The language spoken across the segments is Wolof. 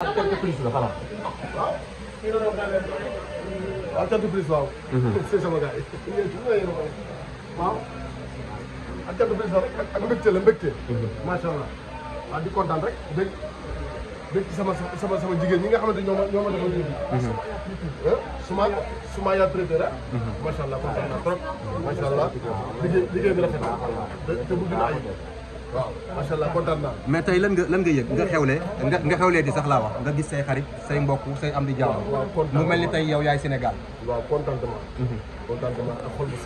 entreprise la voilà. waaw entreprise waaw. c'est sama gars yi. waaw. rek ak mbégte la mbégte. macha allah waaw di kontaan rek dégg dégg sama sama sama jigéen ñi nga xam ñoo ma ñoo ma defal jiw. suma suma yaa traité la. macha allah kontaan naa trop. macha allah liggéey liggéey bi rafet na te te bëgg waaw macha allah kontaan naa mais tey lan nga lan nga yëg nga xewlee nga nga di sax laa wax nga gis say xarit say mbokk say am di jàmm mu mel ni tey yow yaay Sénégal waaw contentement mhm. contentement ak xol bu mhm.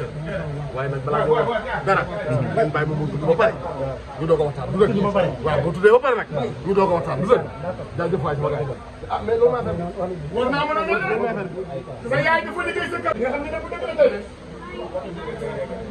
ba pare ñu doog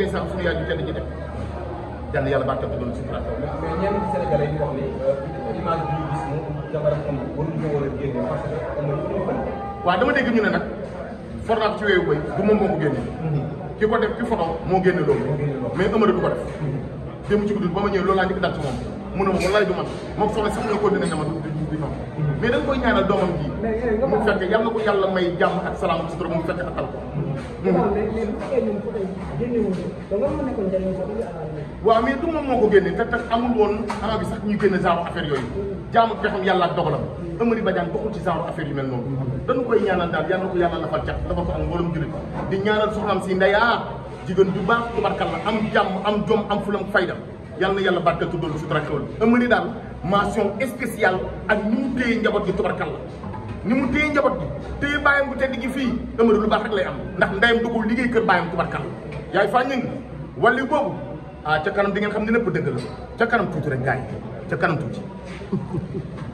ndeysaan suñu yaay ju tedd ji dem yàlla yàlla barke ko doon sutura mais ñenn ci sénégalais yi wax ni euh, image ñu gis moom jabar am waruñ ko a génne parce que am na ñu fan waaw dama dégg ñu ne nag fornaat ci weewu bay du moom moo ko génne mhm. ki ko def ki photo moo génne loolu mais Eumeudi du ko def mhm. démb ci guddi ba ma ñëwee loolu laa njëkk daal ci moom mu ne ma wallaay du man moom soxna sax ñoo ko dina ne ma du ma mhm. mais dañ koy ñaanal doomam ji mu fekk yàlla ko yàlla may jàmm ak salaam sutura mu fekk atal ko waaw mais du moom moo ko génne te tax amul woon avant bi sax ñu génne genre affaire yooyu jaamu bi yàlla ak dogalam Amary Badiane bokkul ci genre affaire yu mel noonu dañu koy ñaanal daal yàlla na ko yàlla lafal cat dafa ko am mboolum jullit di ñaanal soxnaam si ndeyaa jigéen ju baax tubarkalla am jàmm am jom am fulam fayda yàlla na yàlla barkeel tuddal sutura xewal Amary daal mention spéciale ak ñu téye njaboot gi tubarkalla ni mu téye njaboot bi téye bàyyam bu tedd gi fii Eumadou lu baax rek lay am ndax ndeyam du ko liggéey kër bàyyam tubarkal yaay faa ñëng wàllu boobu ah ca kanam di ngeen xam ne lépp dëgg la ca kanam tuuti rek gars yi ca kanam tuuti